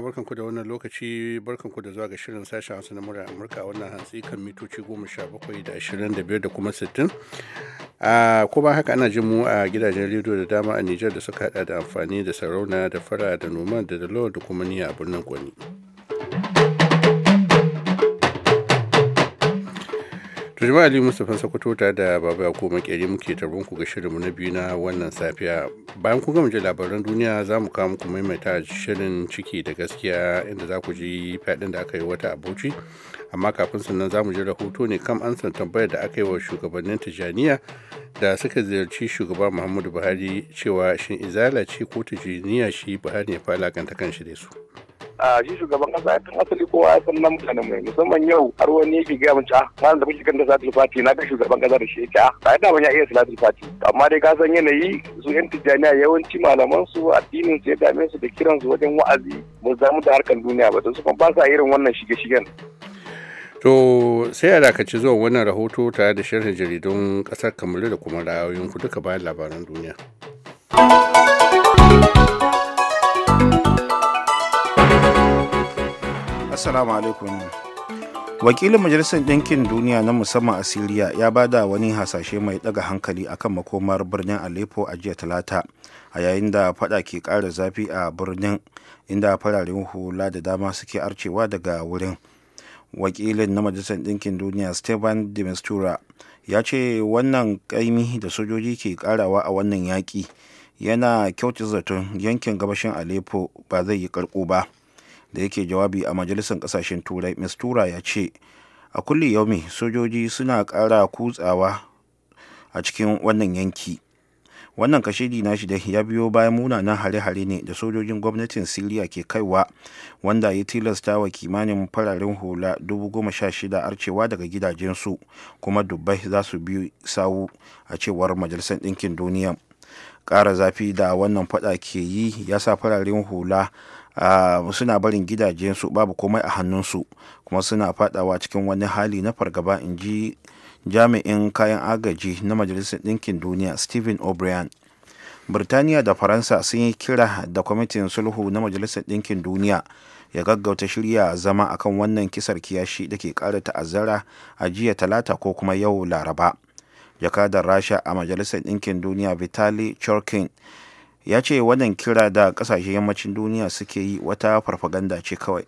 jama'a ku da wannan lokaci ku da zuwa ga shirin sashen hausa na murar amurka wannan hantsi kan mitoci goma sha bakwai da ashirin da biyar da kuma sittin a ko ba haka ana jin mu a gidajen rediyo da dama a nijar da suka hada da amfani da sarauna da fara da noma da da da kuma niyya a birnin gwani. Turjima Ali Mustapha Sokoto ta da Baba Yakubu Makeri muke tarbon ku ga shirinmu na biyu na wannan safiya. Bayan kun gama je labaran duniya za mu kawo muku maimaita shirin ciki da gaskiya inda za ku ji fadin da aka yi wata abuci. Amma kafin sannan za mu ji rahoto ne kan san tambayar da aka yi wa shugabannin Tijjaniya da suka ziyarci shugaba Muhammadu Buhari cewa shin izala ce ko Tijjaniya shi Buhari ya falakanta kanshi da su. a shi shugaban kasa tun asali kowa ya san nan mutanen mai musamman yau har wani yake gaya mun ca ah, ma da kuke da salatul fati na ga shugaban kasa da shi yake a ah, ta da ban ya iya salatul fati amma dai ka san yanayi su yan tijjaniya yawanci malaman su addinin su ya dame su da kiran su wajen wa'azi mu zamu da harkan duniya ba don su ba sa irin wannan shige-shigen To sai a dakaci zuwa wannan rahoto tare da shirin jaridun kasar Kamaru da kuma ra'ayoyinku duka bayan labaran duniya. assalamu alaikum wakilin majalisar ɗinkin duniya na musamman a siriya ya ba da wani hasashe mai ɗaga hankali akan makomar birnin aleppo a jiya talata a yayin da faɗa ke ƙara zafi a birnin inda fararen hula da dama suke arcewa daga wurin wakilin na majalisar ɗinkin duniya stefan de ya ce wannan ƙaimi da sojoji ke ƙarawa a wannan yaƙi yana kyautar zaton yankin gabashin aleppo ba zai yi karko ba da yake jawabi a majalisar kasashen turai mistura ya ce a kulli yaumi sojoji suna ƙara kutsawa a cikin wannan yanki wannan kashedi na da ya biyo bayan munanan hare-hare ne da sojojin gwamnatin siriya ke kaiwa wanda ya tilasta wa kimanin fararen hula 16,000 arcewa daga gidajensu kuma dubbai za su biyu sawu a cewar majalisar ɗinkin duniya ƙara zafi da wannan fada ke yi ya sa fararen hula Ah, suna barin gidajensu babu komai a hannunsu kuma suna fadawa cikin wani hali na fargaba in ji jami'in kayan agaji na majalisar ɗinkin duniya stephen o'brien birtaniya da faransa sun yi kira da kwamitin sulhu na majalisar ɗinkin duniya ya gaggauta shirya zama akan wannan kisar kiyashi da ke ƙara ta'azzara a jiya talata ko kuma yau laraba jakadar rasha a majalisar ɗinkin duniya vitali churkin ya ce wannan kira da kasashen yammacin duniya suke yi wata farfaganda ce kawai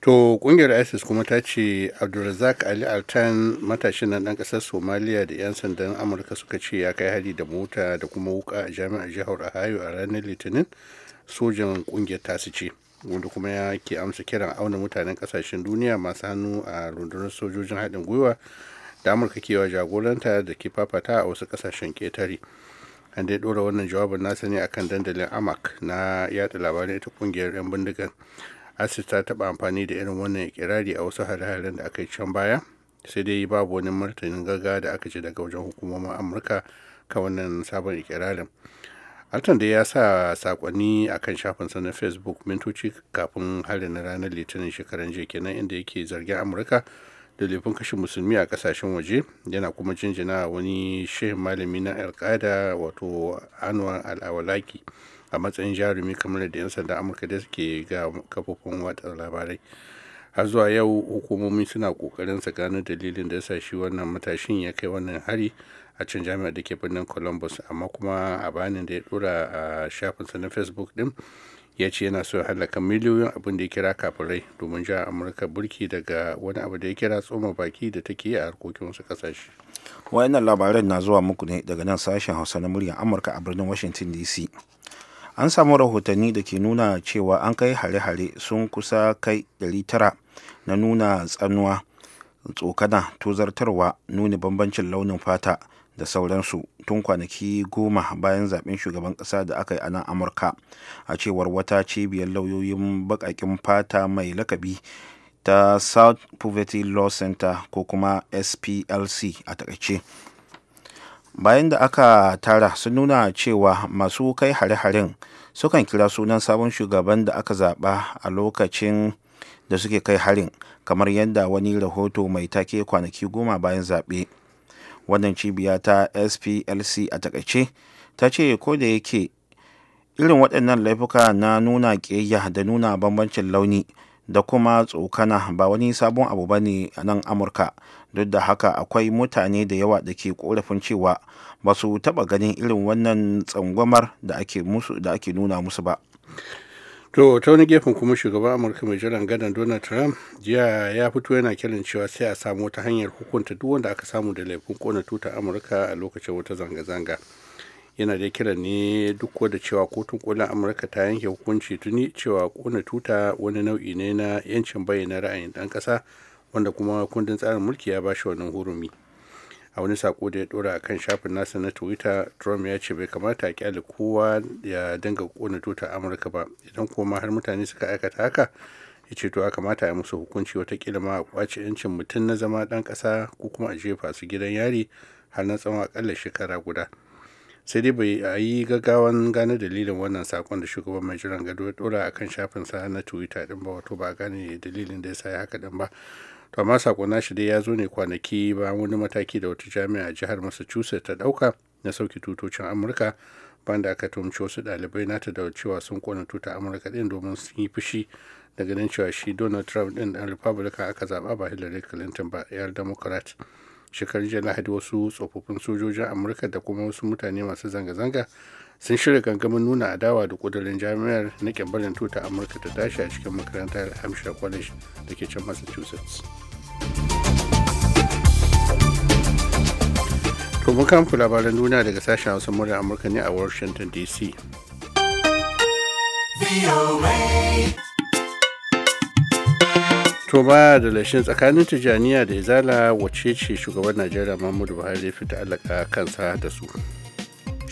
to kungiyar isis kuma ta ce abdulrazak ali altan matashin nan dan kasar somaliya da 'yan sandan amurka suka ce ya kai hari da mota da kuma wuka a jami'ar jihar ohio a ranar litinin sojan kungiyar tasu ce wanda kuma ya ke amsa kiran auna mutanen kasashen duniya masu hannu a rundunar sojojin haɗin gwiwa da amurka kewa jagoranta da ke fafata a wasu ƙasashen ketare an dai dora wannan jawabin nasa ne akan dandalin amak na yada labarai ta kungiyar 'yan bindigan asis ta taba amfani da irin wannan kirari a wasu hare-haren da aka yi can baya sai dai babu wani martanin gaggawa da aka ji daga wajen hukumomin amurka kan wannan sabon ikirarin alton da ya sa sakonni a kan shafinsa na facebook mintoci kafin harin na ranar litinin shekaran jiya kenan inda yake zargin amurka da laifin kashe musulmi a kasashen waje yana kuma jinjina wani shehin malami na alkada wato anwar al'awalaki a matsayin jarumi kamar da 'yan sanda amurka da suke ga kafofin watsa labarai har zuwa yau hukumomi suna kokarin su gano dalilin da yasa shi wannan matashin ya kai wannan hari a can jami'ar da ke birnin columbus amma kuma a bayanin da ya dora a shafinsa na facebook din ya ce yana so halaka miliyoyin abin da ya kira kafirai domin ja amurka burki daga wani abu da ya kira tsoma baki da take yi a harkokin wasu kasashe wayannan labaran na zuwa muku ne daga nan sashen hausa na muryar amurka a birnin washington dc an samu rahotanni da ke nuna cewa an kai hare-hare sun kusa kai 900 na nuna tsanuwa tsokana tozartarwa nuna bambancin launin fata da sauransu tun kwanaki goma bayan zaben shugaban ƙasa da aka yi a nan amurka a cewar wata cibiyar lauyoyin baƙaƙen fata mai lakabi ta south poverty law center ko kuma splc a takaice bayan da aka tara sun nuna cewa masu kai hare-haren sukan kira sunan sabon shugaban da aka zaba a lokacin da suke kai harin kamar yadda wani rahoto mai take kwanaki goma bayan zaɓe. wannan cibiya ta splc a takaice ta ce ko da yake irin waɗannan laifuka na nuna ƙiyayya da nuna bambancin launi da kuma tsokana ba wani sabon abu ba ne a nan amurka duk da haka akwai mutane da yawa da ke ƙorafin cewa ba su taɓa ganin irin wannan tsangwamar da ake nuna musu ba to ta wani gefen kuma shugaban amurka mai jiran gadon donald trump jiya ya fito yana kiran cewa sai a samu wata hanyar hukunta duk wanda aka samu da laifin kona tuta amurka a lokacin wata zanga-zanga yana da kiran ne duk da cewa kotun kolin amurka ta yanke hukunci tuni cewa kona tuta wani nau'i ne na yancin bayyana ra'ayin dan kasa wanda kuma kundin tsarin mulki ya bashi wannan hurumi a wani sako da ya dora a kan shafin nasa na twitter trump ya ce bai kamata a kyale kowa ya dinga kona tutar amurka ba idan kuma har mutane suka aikata haka ya ce to a kamata a musu hukunci watakila ma a kwace yancin mutum na zama dan kasa ko kuma a jefa su gidan yari har na tsawon akalla shekara guda sai dai bai a yi gaggawan gane dalilin wannan sakon da shugaban mai jiran gado ya dora akan shafinsa na twitter din ba wato ba gane dalilin da ya sa ya haka din ba to amma na shi dai ya zo ne kwanaki bayan wani mataki da wata jami'a a jihar massachusetts ta dauka na sauki tutocin amurka banda aka tumci wasu dalibai nata da cewa sun kona tuta amurka din domin sun yi fushi da ganin cewa shi donald trump din dan republican aka zaba ba hillary clinton ba yar democrat shekarun jiya lahadi wasu tsofaffin sojojin amurka da kuma wasu mutane masu zanga-zanga sun shirya gangamin nuna adawa da kudurin jami'ar na kyambarin tuta amurka ta tashi a cikin makarantar hampshire college da ke can massachusetts to kamfu labaran duniya daga sashen hausa murar amurka ne a washington dc to ba da lashin tsakanin tijaniya da izala wacce ce shugaban najeriya mahmudu buhari fita alaka kansa da su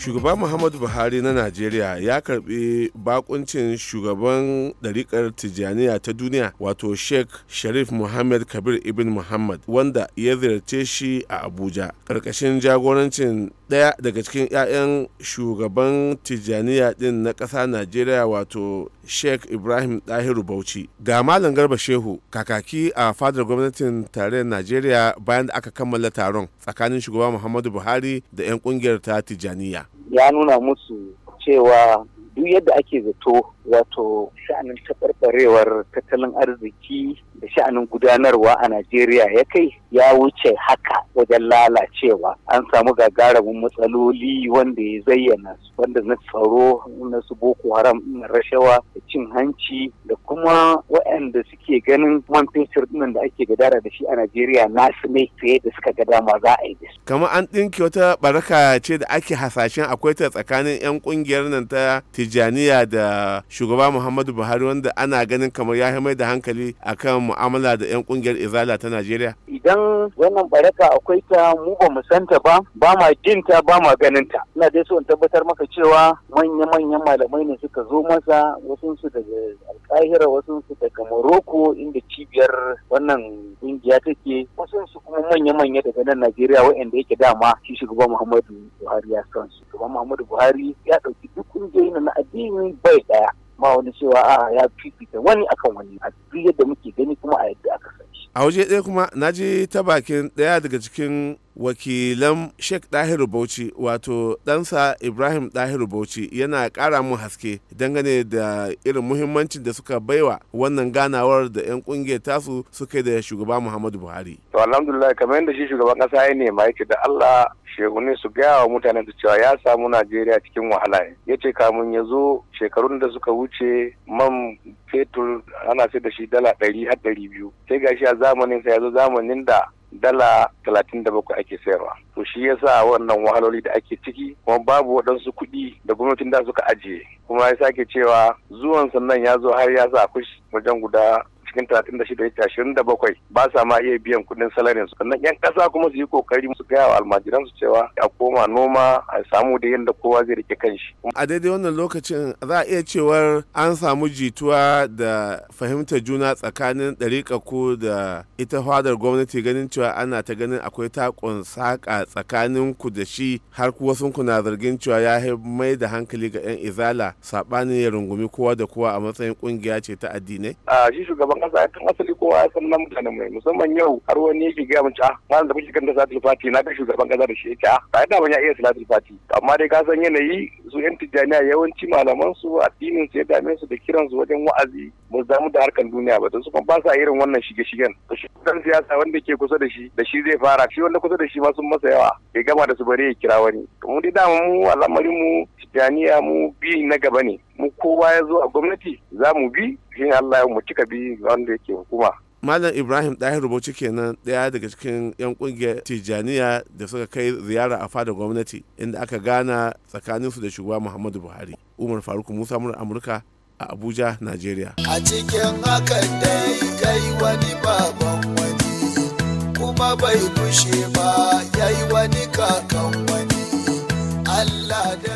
shugaba muhammadu buhari na najeriya ya karbi bakuncin shugaban dariƙar tijjaniya ta duniya wato sheikh sharif muhammad kabir ibn muhammad wanda ya ziyarce shi a abuja ƙarƙashin jagorancin ɗaya daga cikin 'ya'yan shugaban tijjaniya ɗin na ƙasa najeriya wato sheikh ibrahim ɗahiru bauchi ga malam garba shehu kakaki a fadar gwamnatin tarayyar najeriya bayan da aka kammala taron tsakanin shugaba muhammadu buhari da 'yan ƙungiyar ta tijjaniya ya nuna musu cewa duk yadda ake zato wato sha'anin taɓarɓarewar tattalin arziki da sha'anin gudanarwa a Najeriya ya kai ya wuce haka wajen lalacewa an samu gagarumin matsaloli wanda ya zayyana su wanda na tsaro na su boko haram na rashawa da cin hanci da kuma waɗanda suke ganin man fetur ɗin da ake gadara da shi a Najeriya na su ne fiye da suka ga dama za a yi da Kamar an ɗinki wata baraka ce da ake hasashen akwai ta tsakanin 'yan ƙungiyar nan ta Tijjaniya da shugaba muhammadu buhari wanda ana ganin kamar ya mai da hankali akan mu'amala da 'yan kungiyar izala ta najeriya idan wannan baraka akwai ta mu ba mu santa ba ba ma jin ta ba ma ganin ta ina dai so in tabbatar maka cewa manya manyan malamai ne suka zo masa wasu su daga alkahira wasu su daga morocco inda cibiyar wannan kungiya take wasu su kuma manya manya daga nan najeriya waɗanda yake dama shi shugaba muhammadu buhari ya san shugaba muhammadu buhari ya ɗauki duk kungiyoyin na addini bai ɗaya ma wani cewa a ya fifita wani akan wani a duk yadda muke gani kuma a yadda aka san a waje ɗaya kuma na ji ta bakin ɗaya daga cikin wakilan sheikh dahiru bauchi wato ɗansa ibrahim dahiru bauchi yana ƙara mun haske dangane da irin muhimmancin da suka baiwa wannan ganawar da 'yan ƙungiyar tasu suka da shugaba muhammadu buhari to alhamdulillah kamar yadda shi shugaban ƙasa ya nema yake da allah shehunai su gaya wa mutanen su cewa ya samu Najeriya cikin wahala ya ce kamun ya zo shekarun da suka wuce man fetur ana sai da shi dala ɗari har ɗari biyu sai gashi a zamanin sa ya zo zamanin da dala talatin da bakwai ake sayarwa to shi sa wannan wahaloli da ake ciki kuma babu waɗansu kuɗi da gwamnatin da suka ajiye kuma ya sake cewa zuwan sannan ya zo har ya sa kush wajen guda cikin 36 da ba sa ma iya biyan kudin salarin su sannan yan kasa kuma su yi kokari su gaya wa almajiran su cewa a koma noma a samu da yadda kowa zai rike kanshi. a daidai wannan lokacin za a iya cewar an samu jituwa da fahimtar juna tsakanin dariƙa ko da ita fadar gwamnati ganin cewa ana ta ganin akwai takon saƙa tsakanin ku da shi har kuwa sun kuna zargin cewa ya mai da hankali ga 'yan izala saɓanin ya rungumi kowa da kowa a matsayin ƙungiya ce ta addinai. a shi shugaban kasa kan asali kowa ya san nan mai musamman yau har wani yake gaya mun ah malam da kuke kanta salatul fati na ga shugaban kasa da shi yake ah ba ina ban ya iya salatul fati amma dai ka san yanayi su yan tijjaniya yawanci malaman su addinin su ya dame su da kiran su wajen wa'azi ba damu da harkar duniya ba su kuma ba sa irin wannan shige-shigen da shi siyasa wanda ke kusa da shi da shi zai fara shi wanda kusa da shi ma masa yawa ya gama da su bare ya kira wani mu dai dama mu al'amarin mu tijaniya mu bi na gaba ne mu kowa ya zo a gwamnati za mu bi shi Allah ya mu cika bi wanda yake hukuma Malam Ibrahim Dahir Bauchi kenan ɗaya daga cikin 'yan ƙungiyar Tijjaniya da suka kai ziyara a fada gwamnati inda aka gana tsakaninsu da shugaba Muhammadu Buhari. Umar Faruk Musa Amurka a abuja najeriya a cikin hakan dai kai wani baban wani kuma bai gushe ba ya yi wani kakan wani allah da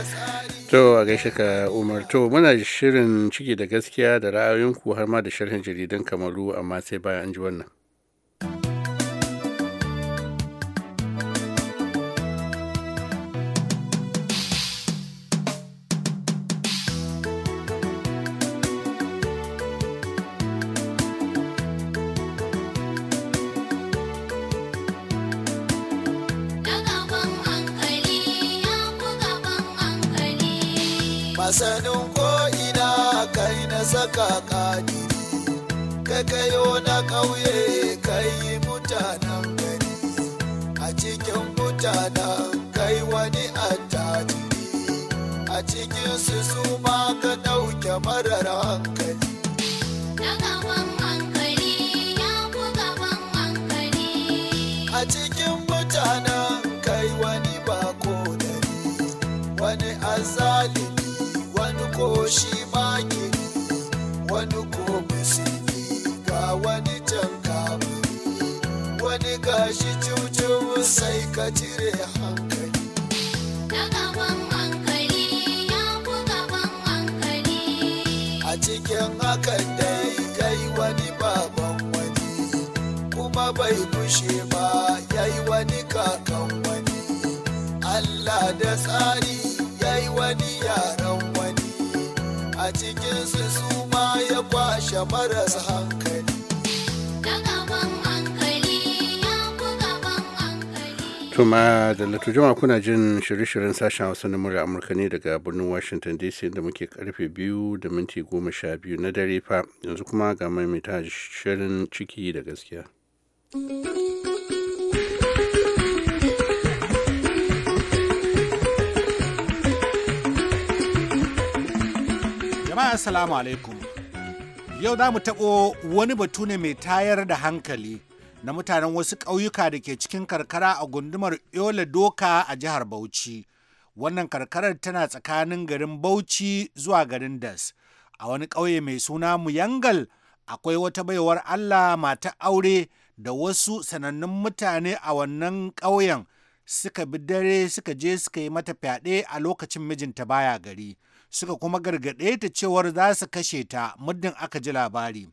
To a gaishe ka Umar to muna shirin ciki da gaskiya da ra'ayoyinku har ma da sharhin jaridan Kamaru amma sai bayan an ji wannan. masanin ko'ina kai na saka kadiri kai kayo na ƙauye kai yi mutanen gari a cikin mutanen kai wani attajiri a cikin su su ma ka ɗauke marar hankali shi makiri wani ko musulmi ga wani can wani gashi cucu sai ka cire hankali a cikin hakan dai kai wani baban wani kuma bai bushe ba yayi wani kakan wani Allah da tsari yayi wani yara su ma ya kwashe hankali tuma da latu jama'a kuna jin shirye-shiryen sashen hausa na murya amurka ne daga birnin washington dc da muke karfe biyu da minti goma sha biyu na dare fa yanzu kuma ga mita shirin ciki da gaskiya. Jama'a Assalamu alaikum. Yau za mu taɓo wani batu ne mai tayar da hankali na mutanen wasu ƙauyuka da ke cikin karkara a gundumar Yola Doka a jihar Bauchi. Wannan karkarar tana tsakanin garin Bauchi zuwa garin Das. A wani ƙauye mai suna Muyangal akwai wata baiwar Allah mata aure da wasu sanannun mutane a wannan ƙauyen suka bi dare suka je suka yi mata fyaɗe a lokacin mijinta baya gari. suka kuma gargaɗe ta cewar za su kashe ta muddin aka ji labari.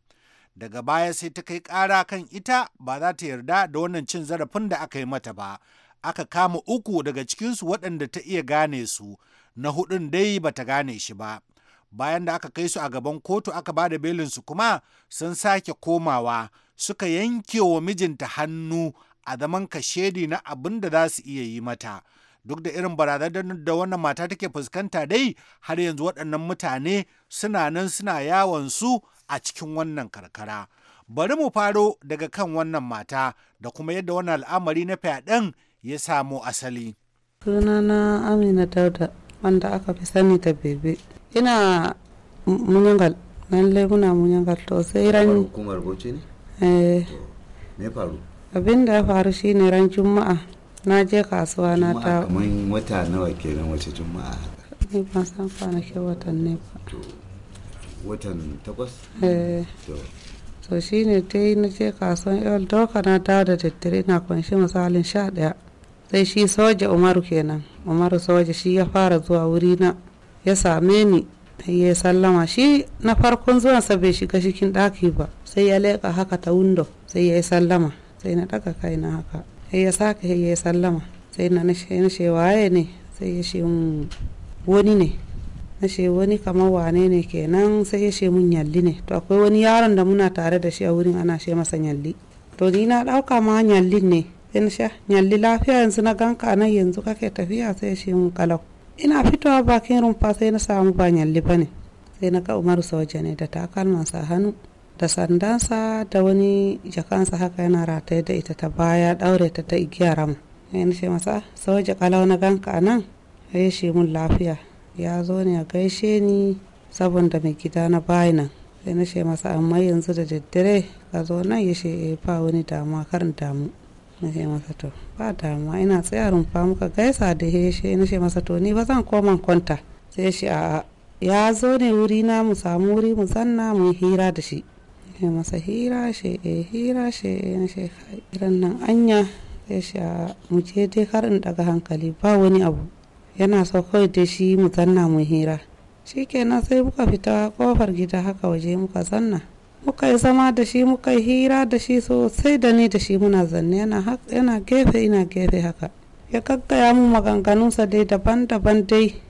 Daga baya sai ta kai ƙara kan ita ba za ta yarda da wannan cin zarafin da aka yi mata ba. Aka kama uku daga cikinsu waɗanda ta iya gane su, na hudun dai ba ta gane shi ba. Bayan da aka kai su a gaban kotu aka ba da su kuma sun sake komawa suka yanke wa mijinta hannu a zaman kashedi na abin da za su iya yi mata. duk da irin barazanar da wannan mata take fuskanta dai har yanzu waɗannan mutane suna nan suna yawon su a cikin wannan karkara bari mu faro daga kan wannan mata da kuma yadda wannan al'amari na fyaɗen ya samo asali sunana amina dauda wanda aka fi sani da bebe ina munyangal nan muna munyangal to sai ran ne eh me faru abin da ya faru shine ran juma'a na je kasuwa na ta kamar wata nawa kenan wace juma'a ni ba san kwanakin watan ne ba watan takwas eh to ne ta yi na je kasuwan yawon doka na ta da tattare na kunshi misalin sha ɗaya sai shi soja umaru kenan umaru soja shi ya fara zuwa wuri na ya same ni ya sallama shi na farkon zuwan sa bai shiga cikin ɗaki ba sai ya leka haka ta windo sai ya yi sallama sai na ɗaga kai na haka sai ya sa ka ya sallama sai na nashe waye ne sai ya shi wani ne na wani kamar wane ne kenan sai ya shi mun yalli ne to akwai wani yaron da muna tare da shi a wurin ana shi masa yalli to ni na ɗauka ma yallin ne in sha yalli lafiya yanzu na ganka nan yanzu kake tafiya sai ya shi mun kalau ina fitowa bakin rumfa sai na samu ba yalli ba ne sai na ka umaru ne da takalman sa hannu da sandansa da wani jakansa haka yana rataye da ita ta baya daure ta ta igiya rama ah, ya nufe masa sau jakalau na ganka ka nan ya shi mun lafiya ya zo ne ya gaishe ni saboda mai gida na bayan nan sai na ce masa amma yanzu da daddare ka zo nan ya ce eh, ba wani damuwa karin damu na ce masa to ba damuwa ina tsaya rumfa muka gaisa da ya ce na ce masa to ni ba zan koma kwanta sai shi a ya zo ne wuri na mu samu wuri mu zanna mu hira da shi ya masa hira shi eh, ya hira shi na shi irin nan anya ya sha mu je dai karin in daga hankali ba wani abu yana so kawai da shi mu zanna mu hira Shi shikenan sai muka fita kofar gida haka waje muka zanna muka yi zama da shi muka hira da shi sosai da ni da shi muna zanne yana gefe ina gefe haka ya gaggaya mu maganganunsa dai daban-daban dai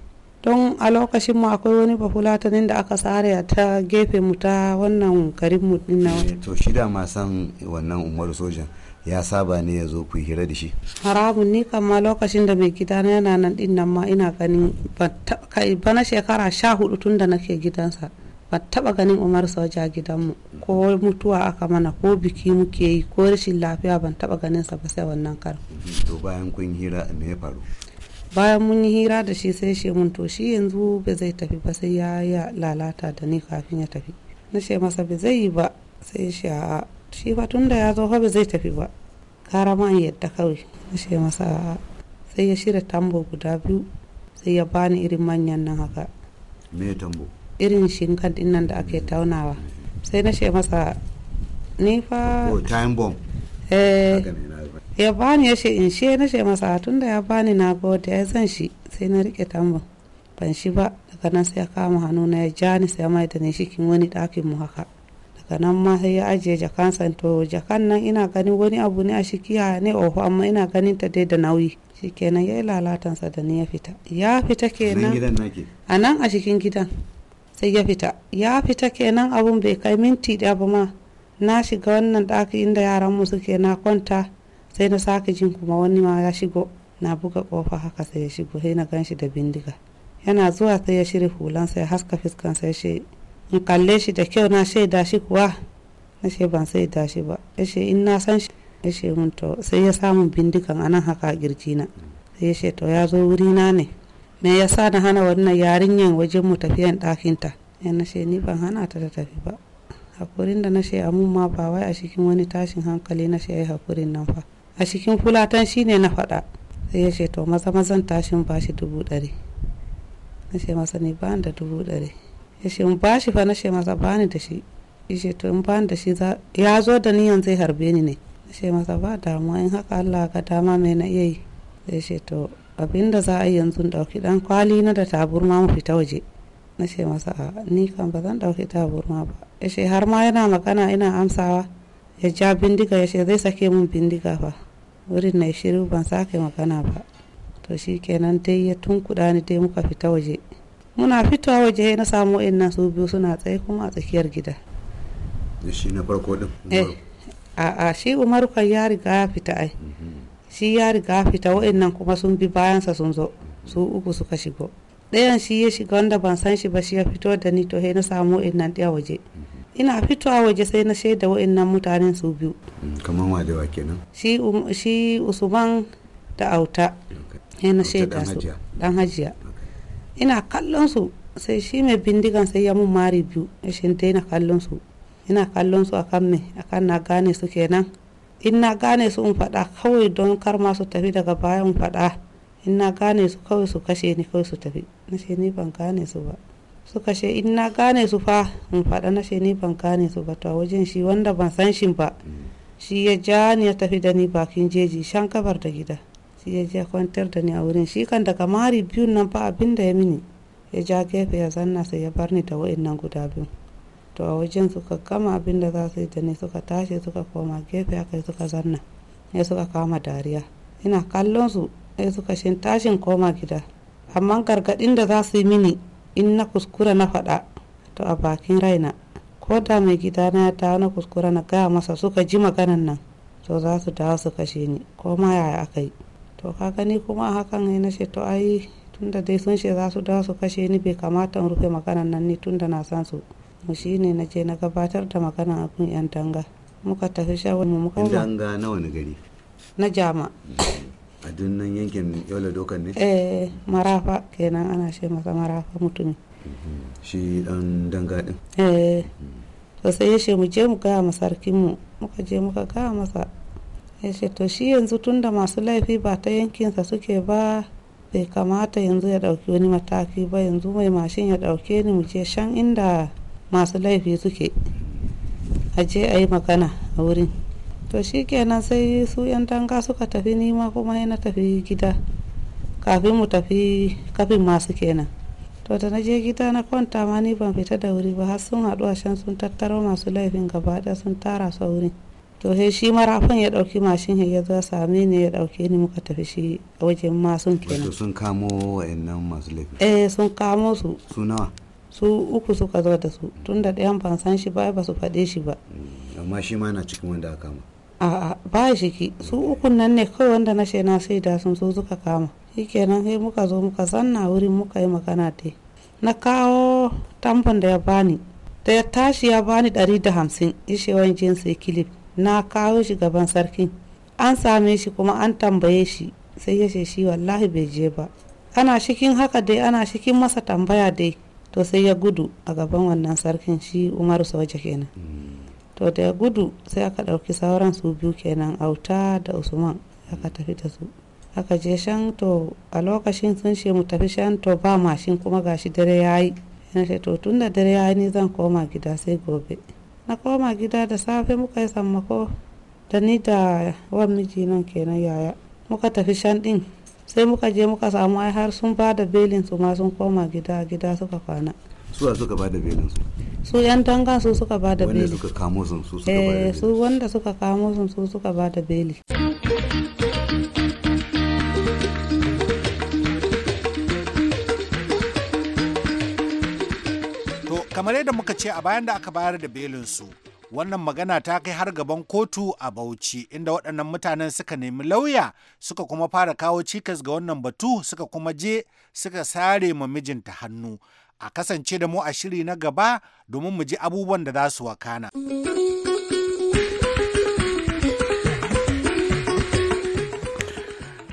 don a lokacin mu akwai wani bafulatanin da aka tsara ta gefe mu ta wannan karin mu din nan eh, to shi da ma san wannan umar sojan ya saba ne ya zo ku hira da shi haramun ni kama lokacin da mai gida na yana nan din nan ma ina ganin ba na shekara sha hudu tun da nake gidansa ba taba ganin umar soja mu ko mutuwa aka mana ko biki muke yi ko rashin lafiya ban taba ganin sa ba sai wannan karin to bayan kun hira me ya faru bayan mun yi hira da shi sai ce mun to shi yanzu bai zai tafi ba sai ya ya lalata da ni kafin ya tafi na ce masa bai zai yi ba sai shi a shi ba tun da ya zo fa bai zai tafi ba kara ma yadda kawai na ce masa a sai ya shirya tambo guda biyu sai ya bani irin manyan nan haka me tambo irin shinkar din nan da ake mm. taunawa sai na ce masa ni fa oh, time bomb eh ya bani ya in she na she masa tun da ya bani na gode ya zan shi sai na rike tambon ban shi ba daga nan sai ya kama hannu na ya ja ni sai mai da ni shikin wani dakin mu haka daga nan ma sai ya ajiye jakan san to jakan nan ina ganin wani abu ne a shikiya ne oho amma ina ganin ta dai da nauyi shikenan ya yi lalatansa da ni ya fita ya fita kenan a nan a cikin gidan sai ya fita ya fita kenan abun bai kai minti ɗaya ba ma na shiga wannan ɗaki inda yaran mu suke na kwanta sai na sake jin kuma wani ma ya shigo na buga kofa haka sai ya shigo sai na ganshi da bindiga yana zuwa sai ya shirya hulansa ya haska fiskan ya shi in kalle shi da kyau na shaida shi kuwa na shi ban sai shi ba ya shi in na san shi ya shi mun to sai ya samun bindigan anan haka girji na sai ya shi to ya zo wuri na ne me ya sa na hana wannan yarinyan wajen mu tafiyan ɗakinta ya na ni ban hana ta ta tafi ba hakurin da na ce amun ma ba wai a cikin wani tashin hankali na ya ai hakurin nan fa a cikin fulatan shi ne na faɗa sai ya ce to maza mazan tashin bashi dubu ɗari na ce masa ni ba da dubu ɗari ya ce ba bashi fa na ce masa ba ni da shi ya ce to in ba da shi ya zo da niyan zai harbe ni ne na ce masa ba damuwa in haka Allah ka dama mai na iya yi ya ce to abin da za a yi yanzu ɗauki ɗan kwali na da taburma mu fita waje na ce masa a ni kan ba zan ɗauki taburma ba ya ce har ma yana magana ina amsawa ya ja bindiga ya ce zai sake mun bindiga fa wurin na shiru ban sake magana ba to shi kenan dai ya tunkuda ni dai muka fita waje muna fitowa waje na samu na su biyu suna tsaye kuma a tsakiyar gida shi na farko din a a shi umaru kan ya riga ya fita ai mhm. shi ya riga ya fita wa'annan kuma sun bi bayansa sun zo su uku suka shigo ɗayan shi ya shiga wanda ban san shi ba shi ya fito da ni to he na samu nan ɗaya waje mhm. ina fitowa waje sai na shaida wa'annan mutanen su biyu mm, kamar wa kenan um, shi usman da auta sai na shaida su dan hajiya ina kallon su sai shi mai bindigan sai ya mun mari biyu shin ta ina kallon su ina kallon su akan me akan na gane su kenan in na gane su in faɗa kawai don kar ma su tafi daga bayan faɗa in na gane su kawai su kashe ni kawai su tafi na ni ban gane su ba suka ce in na gane su fa in faɗa na ce ni ban gane su ba to wajen shi wanda ban san shi ba shi ya ja ni ya tafi da ni bakin jeji shan gabar da gida shi ya je kwantar da ni a wurin shi kan daga mari biyun nan fa abin da ya mini ya ja gefe ya zanna sai ya bar ni da wa'innan guda biyu to a wajen suka gama abin da za su yi da ni suka tashi suka koma gefe aka suka zanna ya suka kama dariya ina kallon su Ya suka shin tashin koma gida amma gargaɗin da za su yi mini in na kuskura na faɗa to a bakin raina ko da mai na ya dawo na kuskura na gaya masa suka ji maganan nan to za su dawo su kashe ni ko ma yaya aka yi to ka gani kuma a hakan ne na ce to ai tunda dai sun ce za su dawo su kashe ni bai kamata in rufe maganan nan ni tunda na san su mu shine na je na gabatar da maganan abin yan danga muka tafi shawar mu muka na gari na jama mm. a dunnan yankin yola dokan ne eh marafa kenan ana ce masa marafa mutumi mhm. shi dan danga din eh mhm. to sai ya ce mu je mu gaya masa sarkin mu muka je muka gaya masa ya ce to shi yanzu tunda masu laifi ba ta yankinsa suke ba bai kamata yanzu ya ɗauki wani mataki ba yanzu mai mashin ya ɗauke ni mu je shan inda masu laifi suke a je a yi magana a wurin to shi kenan sai su 'yan tanga suka tafi nima kuma yana tafi gida kafin mu tafi kafin masu kenan to da na je gida na kwanta ma ni ban fita da wuri ba har sun haɗu a shan sun tattaro masu laifin gaba ɗaya sun tara su wuri to he shi marafin ya ɗauki mashin ya zo same ni ya ɗauke ni muka tafi shi a wajen masu kenan sun kamo wa'annan masu laifin eh sun kamo su su nawa su uku suka zo da su tunda ɗayan ban san shi ba ba su faɗe shi ba mm, amma shi ma na cikin wanda aka kama a'a ba jiki su ukun nan ne kawai wanda na shena sai da sun so suka kama shikenan sai muka zo muka sanna wurin muka yi magana te na kawo tambon da ya bani da ya tashi ya bani ɗari da hamsin ishewan jinsi kilif na kawo shi gaban sarkin an same shi kuma an tambaye shi sai ya shi wallahi bai je ba ana shikin haka dai ana shikin masa tambaya dai to sai ya gudu a gaban wannan sarkin shi umaru waje kenan to da gudu sai aka ɗauki sauran su biyu kenan auta da usman aka tafi da su aka je shan to a lokacin sun ce mu tafi shan to ba mashin kuma gashi dare ya yi yana ce to tun da dare ya yi ni zan koma gida sai gobe na koma gida da safe muka yi sammako da ni da wan miji nan kenan yaya muka tafi shan din sai muka je muka samu ai har sun ba da belin su ma sun koma gida gida suka kwana su da suka bada belin su su yan tanga su suka bada beli wanda suka kamo sun su suka bada eh, beli su wanda suka kamo sun su suka bada beli to kamar yadda muka ce a bayan da aka bayar da belin su wannan magana ta kai har gaban kotu a Bauchi inda waɗannan mutanen suka nemi lauya suka kuma fara kawo cikas ga wannan batu suka kuma je suka sare ma mijinta hannu a kasance da mu a shiri na gaba domin mu ji abubuwan da za su wakana.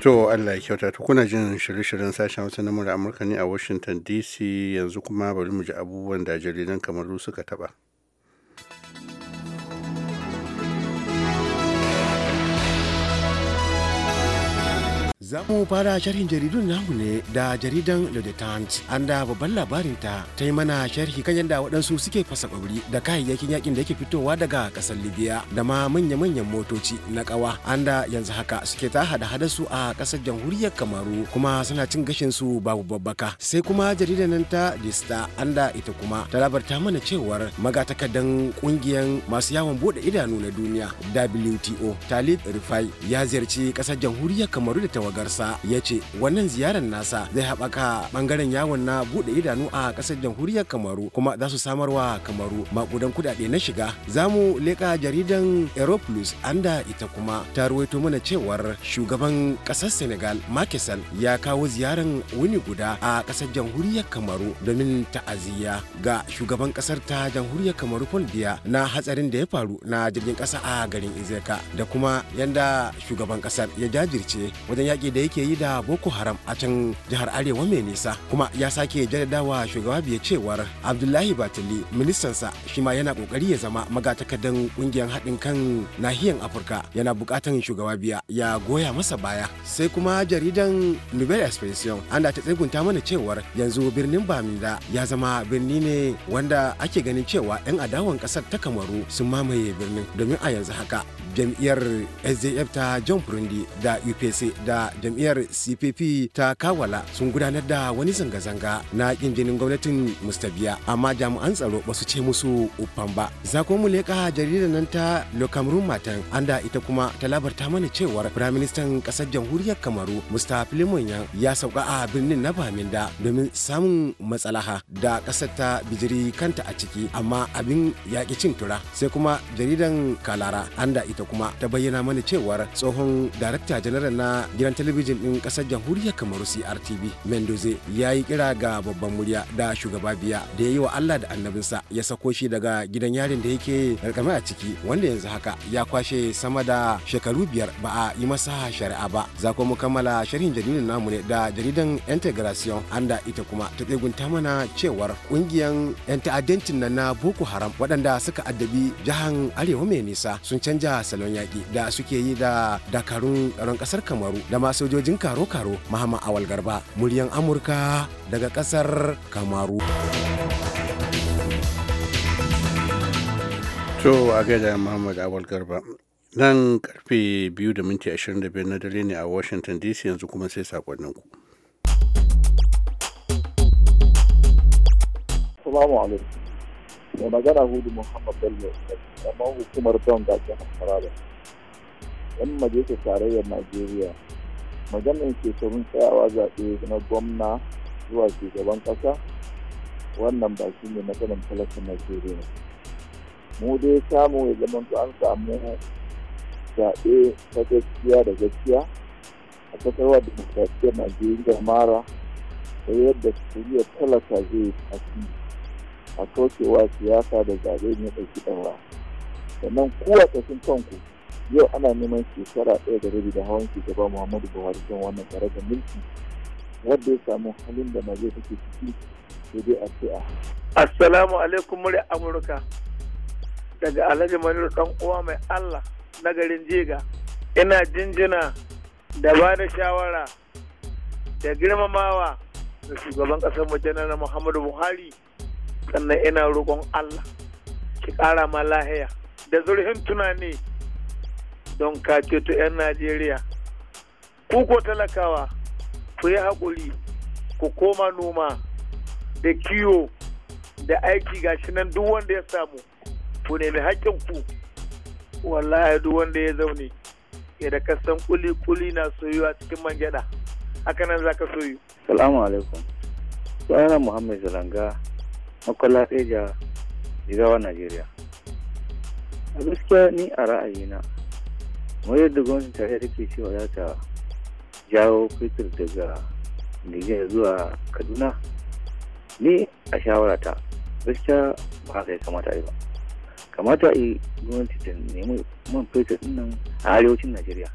To Allah ya kyauta to kuna jin shirye-shiryen sashen Hausa na Amurka ne a Washington DC yanzu kuma bari mu ji abubuwan da jaridan kamaru suka taba. Za mu fara sharhin jaridun namu ne da jaridan Le Detente, an da babban labarin ta ta yi mana sharhi kan yadda waɗansu suke fasa kwabri da kayayyakin yakin da yake fitowa daga ƙasar Libya da ma manya-manyan motoci na ƙawa, an da yanzu haka suke ta hada-hada su a ƙasar jamhuriyar Kamaru kuma suna cin gashin su babu babbaka. Sai kuma jaridan nan ta Dista, an da ita kuma ta labarta mana cewar magatakardan ƙungiyar masu yawon buɗe idanu na duniya WTO Talib Rifai ya ziyarci ƙasar jamhuriyar Kamaru da tawaga shugarsa ya ce wannan ziyarar nasa zai haɓaka ɓangaren yawon na buɗe idanu a ƙasar jamhuriyar kamaru kuma za su samarwa kamaru maƙudan kuɗaɗe na shiga za mu leƙa jaridan aeroplus anda ita kuma ta ruwaito mana cewar shugaban ƙasar senegal makisal ya kawo ziyarar wuni guda a ƙasar jamhuriyar kamaru domin ta'aziyya ga shugaban ƙasar ta jamhuriyar kamaru fondiya na hatsarin da ya faru na jirgin ƙasa a garin izeka da kuma yanda shugaban ƙasar ya jajirce wajen yaƙi da yake yi da boko haram a can jihar arewa mai nisa kuma ya sake jaddadawa shugaba biya cewar abdullahi batili ministansa shi ma yana ƙoƙari ya zama magatakardan ƙungiyar haɗin kan nahiyar afirka yana buƙatan shugaba biya ya goya masa baya sai kuma jaridan nouvelle expression an da ta tsegunta mana cewar yanzu birnin bamida ya zama birni ne wanda ake ganin cewa 'yan adawan ƙasar ta kamaru sun mamaye birnin domin a yanzu haka jam'iyyar sdf ta john burundi da upc da jam'iyyar cpp ta kawala sun gudanar da wani zanga-zanga na kin gwamnatin mustabiya amma jami'an tsaro ba su ce musu uffan ba za mu leka jaridar nan ta lokamrun matan anda ita kuma ta labarta mana cewar firaministan ƙasar jamhuriyar kamaru musta filimonyan ya sauka a birnin na baminda domin samun matsalaha da ƙasar ta bijiri kanta a ciki amma abin yaƙi cin tura sai kuma jaridan kalara anda ita kuma ta bayyana mana cewar tsohon darakta janaral na gidan talabijin talabijin ɗin ƙasar jamhuriyar kamaru crtv mendoze ya yi kira ga babban murya da shugaba biya da ya yi wa allah da annabinsa ya sako shi daga gidan yarin da yake karkame a ciki wanda yanzu haka ya kwashe sama da shekaru biyar ba a yi masa shari'a ba za mu kammala sharhin jaridar namu ne da jaridan integration anda ita kuma ta tsegunta mana cewar ƙungiyan 'yan ta'addancin nan na boko haram waɗanda suka addabi jihar arewa mai nisa sun canja salon yaƙi da suke yi da dakarun tsaron ƙasar kamaru da ma sojojin karo-karo Mahama Awal Garba muryan Amurka daga kasar Kamaru. To a gaida Muhammad Awal Garba. Nan karfe biyu na dare ne a Washington DC yanzu kuma sai sakonninku. Salamu alaikum. Mai magana Hudu Muhammad Bello, amma hukumar Don da jihar da Yan majalisar tarayyar Najeriya ke shekarun tsayawa zaɓe na gwamna zuwa shugaban ƙasa wannan ba shi ne matsalar na najeriya mu dai samu ya zama an samu zaɓe ta gaskiya da gaskiya a kasarwa demokrasiyyar najeriya mara ta yadda kuriyar talaka zai tafi a kaucewa siyasa da zaɓe ne ɗauki ɗaura sannan kowa ƙasin kanku yau ana neman shekara ɗaya da rabi da hawan shugaba muhammadu buhari kan wannan tare da mulki wadda ya samu halin da zai take ciki sai dai a ce a assalamu alaikum murya amurka daga alhaji manir dan uwa mai allah na garin jega ina jinjina da ba da shawara da girmamawa da shugaban ƙasar mu janar muhammadu buhari sannan ina roƙon allah ki ƙara ma lahiya da zurfin tunani don ka ceto 'yan najeriya ku ko talakawa ku yi haƙuri ku koma noma da kiwo da aiki ga nan duk wanda ya samu ku nemi haƙƙinku wallahi duk wanda ya zaune ya da ka kuli kuli na soyuwa cikin man gyada haka nan za ka soyu salamu alaikum sunana muhammad zalanga makwala tseja jirawa najeriya a gaskiya ni a ra'ayina wani yadda gwamnatin ta ke cewa za ta jawo fitar daga nijar zuwa kaduna ni a shawarata gaskiya ba haka ya kamata yi ba kamata a yi gwamnati ta nemi man fetur nan a arewacin najeriya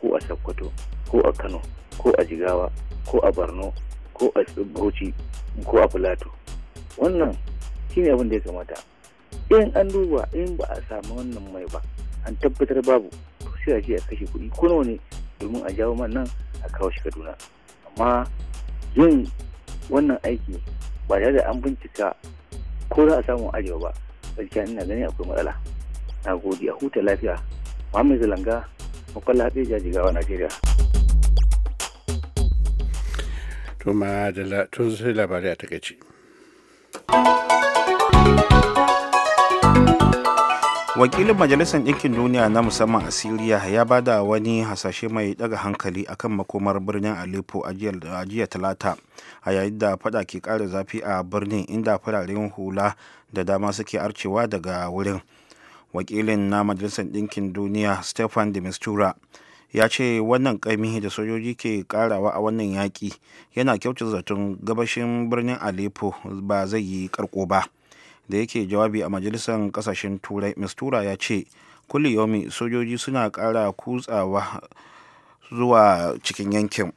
ko a sokoto ko a kano ko a jigawa ko a borno ko a bauchi ko a filato wannan shine abin da ya kamata in an duba in ba a samu wannan mai ba an tabbatar babu sai a je a kashe kuɗi ko nawa ne domin a jawo man nan a kawo shi kaduna amma yin wannan aiki ba tare da an bincika ko za a samu arewa ba gaskiya ina gani akwai matsala na gode a huta lafiya muhammad zalanga makwalla haɗe jajigawa najeriya to ma da tun sai labarai a takaici wakilin majalisar ɗinkin duniya na musamman a siriya ya bada wani hasashe mai daga hankali akan makomar birnin aleppo a jiya talata a yayin da fada ke ƙara zafi a birnin inda fararen hula da dama suke arcewa daga wurin wakilin na majalisar ɗinkin duniya stefan de mistura ya ce wannan ƙami da sojoji ke karawa a wannan yaƙi yana kyautar zaton gabashin birnin aleppo ba zai yi karko ba da yake jawabi a majalisar kasashen turai mistura ya ce yomi sojoji suna ƙara kutsawa zuwa cikin yankin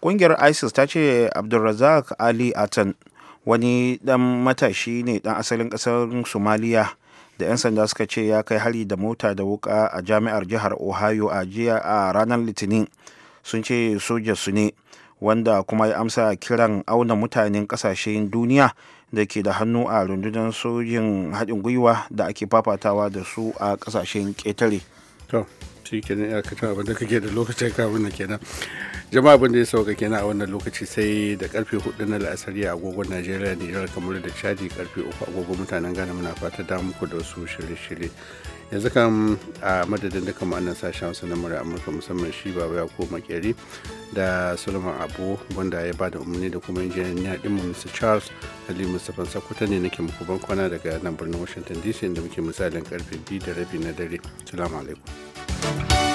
ƙungiyar isis ta ce abdulrazak ali atan wani dan matashi ne dan asalin ƙasar somaliya da 'yan sanda suka ce ya kai hari da mota da wuka a jami'ar jihar ohio a jiya a ranar litinin sun ce soja su ne wanda kuma ya amsa kiran auna mutanen kasashen duniya da ke da hannu a rundunar sojin haɗin gwiwa da ake fafatawa da su a ƙasashen ƙetare. To, shi kenan abin da kake da lokacin kenan. Jama'a abin da ya sauka kenan a wannan lokaci sai da karfe hudu na la'asari a agogon Najeriya, Nijar, kamar da shadi karfe uku agogon mutanen Ghana muna fata da muku da wasu shirye-shirye. yanzu kan a madadin duka ma'anar sashen hausa na murya amurka musamman shi baba ya ko makeri da solomon abu wanda ya bada umarni da kuma a din mr charles ali mustapha sakuta ne na ke muku bankwana daga nan birnin washington dc inda muke misalin karfe biyu da rabi na dare salamu alaikum